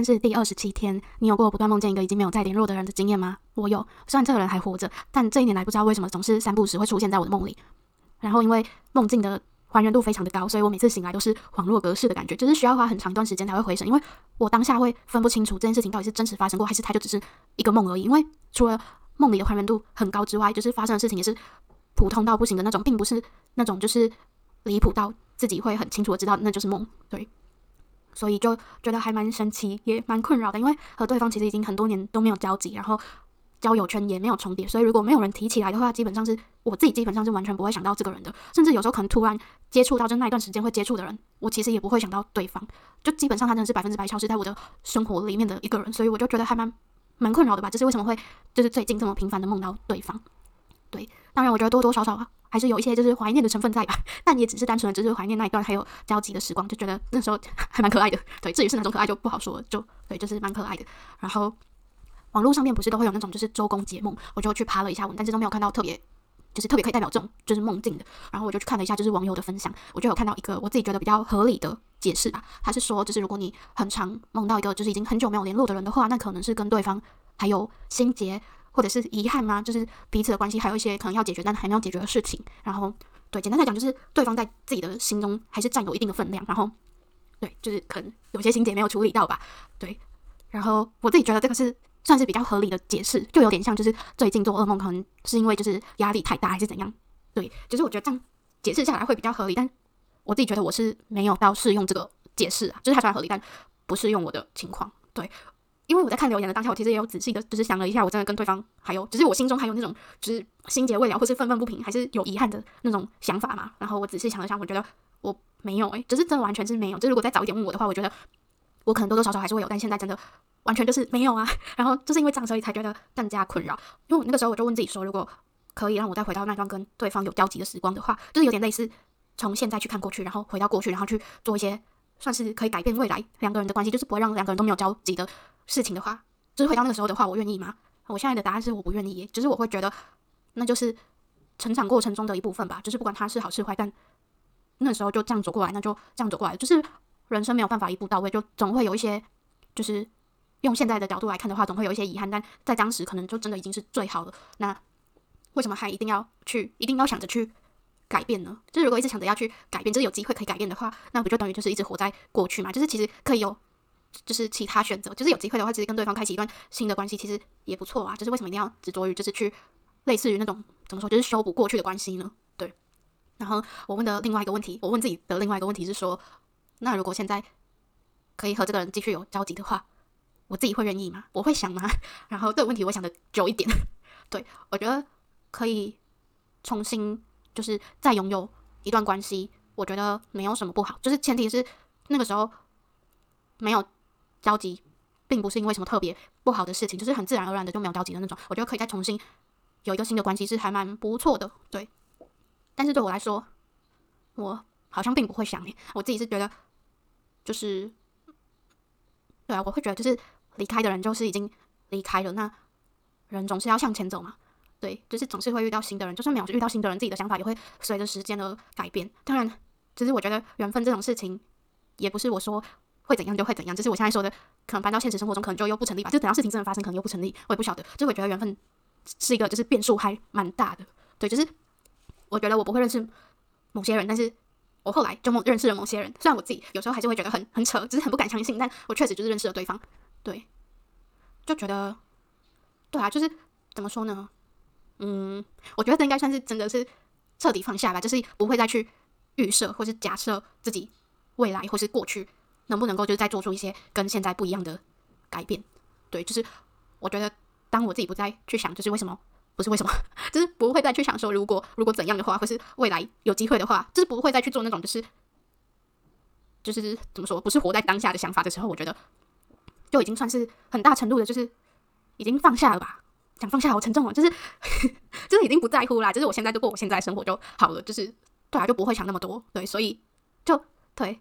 但是第二十七天，你有過不斷夢見一個已經沒有再聯絡的人的經驗嗎？我有，雖然這個人還活着，但這一年來不知道為什麼總是三不五時會出現在我的夢裡。然後因為夢境的還原度非常的高，所以我每次醒來都是恍若隔世的感覺，就是需要花很長一段時間才會回神，因為我當下會分不清楚這件事情到底是真實發生過，還是它就只是一個夢而已。因為除了夢裡的還原度很高之外，就是發生的事情也是普通到不行的那種，並不是那種就是離譜到自己會很清楚的知道的那就是夢。對。所以就覺得還蠻神奇，也蠻困擾的，因為和對方其實已經很多年都沒有交集，然後交友圈也沒有重疊，所以如果沒有人提起來的話，基本上是我自己，基本上是完全不會想到這個人的。甚至有時候可能突然接觸到，就那一段時間會接觸的人，我其實也不會想到對方。就基本上他真的是百分之百消失在我的生活裡面的一個人，所以我就覺得還蠻蠻困擾的吧。就是為什麼會就是最近這麼頻繁的夢到對方，對。當然，我覺得多多少少還是有一些就是懷念的成分在吧，但也只是單純的只、就是懷念那一段還有交集的時光，就覺得那時候還蠻可愛的。對，至於是那種可愛就不好說，就對，就是蠻可愛的。然後網絡上面不是都會有那種就是周公解夢，我就去扒了一下，我但是都沒有看到特別就是特別可以代表這種就是夢境的。然後我就去看了一下就是網友的分享，我就有看到一個我自己覺得比較合理的解釋吧。他是說，就是如果你很常夢到一個就是已經很久沒有聯絡的人的話，那可能是跟對方還有心結。或者是遺憾嗎、啊？就是彼此的關係還有一些可能要解決但還沒有解決的事情。然後，對，簡單來講就是對方在自己的心中還是占有一定的分量。然後，對，就是可能有些心結沒有處理到吧。對，然後我自己覺得這個是算是比較合理的解釋，就有點像就是最近做噩夢，可能是因為就是壓力太大還是怎樣。對，就是我覺得這樣解釋下來會比較合理，但我自己覺得我是沒有到適用這個解釋啊，就是它雖然合理，但不適用我的情況。對。因為我在看留言的當下，我其實也有仔細的，就是想了一下，我真的跟對方還有，只是我心中還有那種，只是心結未了，或是憤憤不平，還是有遺憾的那種想法嘛。然後我仔細想了想，我覺得我沒有、欸，誒，只是真的完全是沒有。就是如果再早一點問我的話，我覺得我可能多多少少還是會有，但現在真的完全就是沒有啊。然後就是因為這樣，所以才覺得更加困擾。因為我那個時候我就問自己說，如果可以讓我再回到那段跟對方有交集的時光的話，就是有點類似從現在去看過去，然後回到過去，然後去做一些算是可以改變未來兩個人的關係，就是不會讓兩個人都沒有交集的。事情的話，就是回到那個時候的話，我願意嗎？我現在的答案是我不願意，就是我會覺得，那就是成長過程中的一部分吧。就是不管它是好是壞，但那時候就這樣走過來，那就這樣走過來。就是人生沒有辦法一步到位，就總會有一些，就是用現在的角度來看的話，總會有一些遺憾。但在當時可能就真的已經是最好了。那為什麼還一定要去，一定要想着去改變呢？就是如果一直想着要去改變，就是有機會可以改變的話，那不就等於就是一直活在過去嘛？就是其實可以有。就是其他選擇，就是有機會的話，其實跟對方開啟一段新的關係，其實也不錯啊。就是為什麼一定要執着於就是去類似於那種怎麼說，就是修補過去的關係呢？對。然後我問的另外一個問題，我問自己的另外一個問題是說，那如果現在可以和這個人繼續有交集的話，我自己會願意嗎？我會想嗎？然後這個問題我想得久一點。對，我覺得可以重新就是再擁有一段關係，我覺得沒有什麼不好。就是前提是那個時候沒有。着急，並不是因為什麼特別不好的事情，就是很自然而然的就沒有着急的那種。我覺得可以再重新有一個新的關係，是還蠻不錯的。對，但是對我來說，我好像並不會想你。我自己是覺得，就是，對啊，我會覺得就是離開的人就是已經離開了。那人總是要向前走嘛，對，就是總是會遇到新的人，就算沒有遇到新的人，自己的想法也會隨着時間而改變。當然，就是我覺得緣分這種事情，也不是我說。會怎樣就會怎樣，就是我現在說的，可能搬到現實生活中，可能就又不成立吧。就等到事情真的發生，可能又不成立，我也不曉得。就是我覺得緣分是一個，就是變數還蠻大的。對，就是我覺得我不會認識某些人，但是我後來就某認識了某些人。雖然我自己有時候還是會覺得很很扯，只是很不敢相信，但我確實就是認識了對方。對，就覺得，對啊，就是怎麼說呢？嗯，我覺得這應該算是真的是徹底放下吧，就是不會再去預設或是假設自己未來或是過去。能不能夠就是再做出一些跟現在不一樣的改變？對，就是我覺得當我自己不再去想，就是為什麼不是為什麼，就是不會再去想說如果如果怎樣的話，或是未來有機會的話，就是不會再去做那種就是就是怎麼說，不是活在當下的想法的時候，我覺得就已經算是很大程度的，就是已經放下了吧。想放下好沉重啊，就是 就是已經不在乎了啦，就是我現在就過我現在生活就好了，就是對啊，就不會想那麼多。對，所以就對。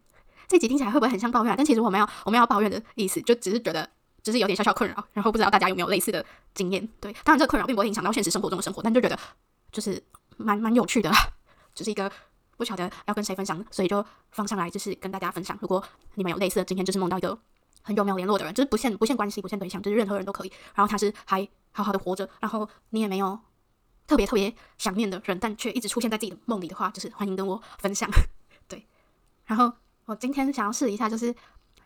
這集聽起來會不會很像抱怨？但其實我沒有，我沒有要抱怨的意思，就只是覺得，只是有點小小困擾，然後不知道大家有沒有類似的經驗。對，當然這個困擾並不會影響到現實生活中的生活，但就覺得就是蠻蠻有趣的，就是一個不曉得要跟誰分享，所以就放上來，就是跟大家分享。如果你們有類似的，今天就是夢到一個很久沒有聯絡的人，就是不限不限關係、不限對象，就是任何人都可以。然後他是還好好的活着，然後你也沒有特別特別想念的人，但卻一直出現在自己的夢裡的話，就是歡迎跟我分享。對，然後。我今天想要試一下，就是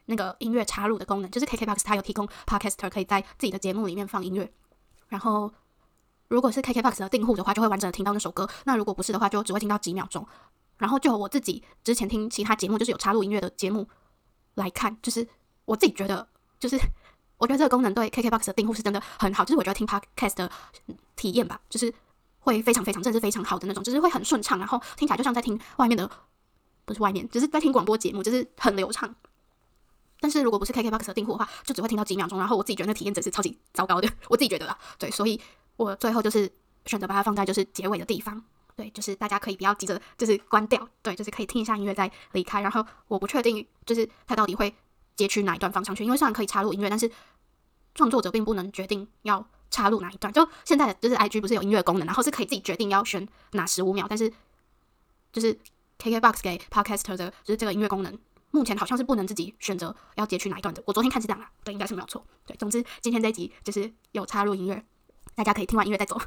那個音樂插入的功能，就是 KKbox 它有提供 Podcaster，可以在自己的節目裡面放音樂。然後，如果是 KKbox 的訂戶的話，就會完整的聽到那首歌；那如果不是的話，就只會聽到幾秒鐘。然後，就我自己之前聽其他節目，就是有插入音樂的節目來看，就是我自己覺得，就是我覺得這個功能對 KKbox 的訂戶是真的很好。就是我覺得聽 Podcast 的體驗吧，就是會非常非常，真的是非常好的那種，就是會很順暢，然後聽起來就像在聽外面的。不是外面，只、就是在聽廣播節目，就是很流暢。但是如果不是 KKBOX 的訂戶的話，就只會聽到幾秒鐘。然後我自己覺得那體驗真是超級糟糕的，我自己覺得啦，對，所以我最後就是選擇把它放在就是結尾的地方。對，就是大家可以不要急着就是關掉，對，就是可以聽一下音樂再離開。然後我不確定就是它到底會截取哪一段放上去，因為雖然可以插入音樂，但是創作者並不能決定要插入哪一段。就現在的就是 IG 不是有音樂功能，然後是可以自己決定要選哪十五秒，但是就是。KKbox 給 Podcast 的就是這個音樂功能，目前好像是不能自己選擇要截取哪一段的。我昨天看是這樣啦，對，應該是沒有錯。對，總之今天這一集就是有插入音樂，大家可以聽完音樂再走。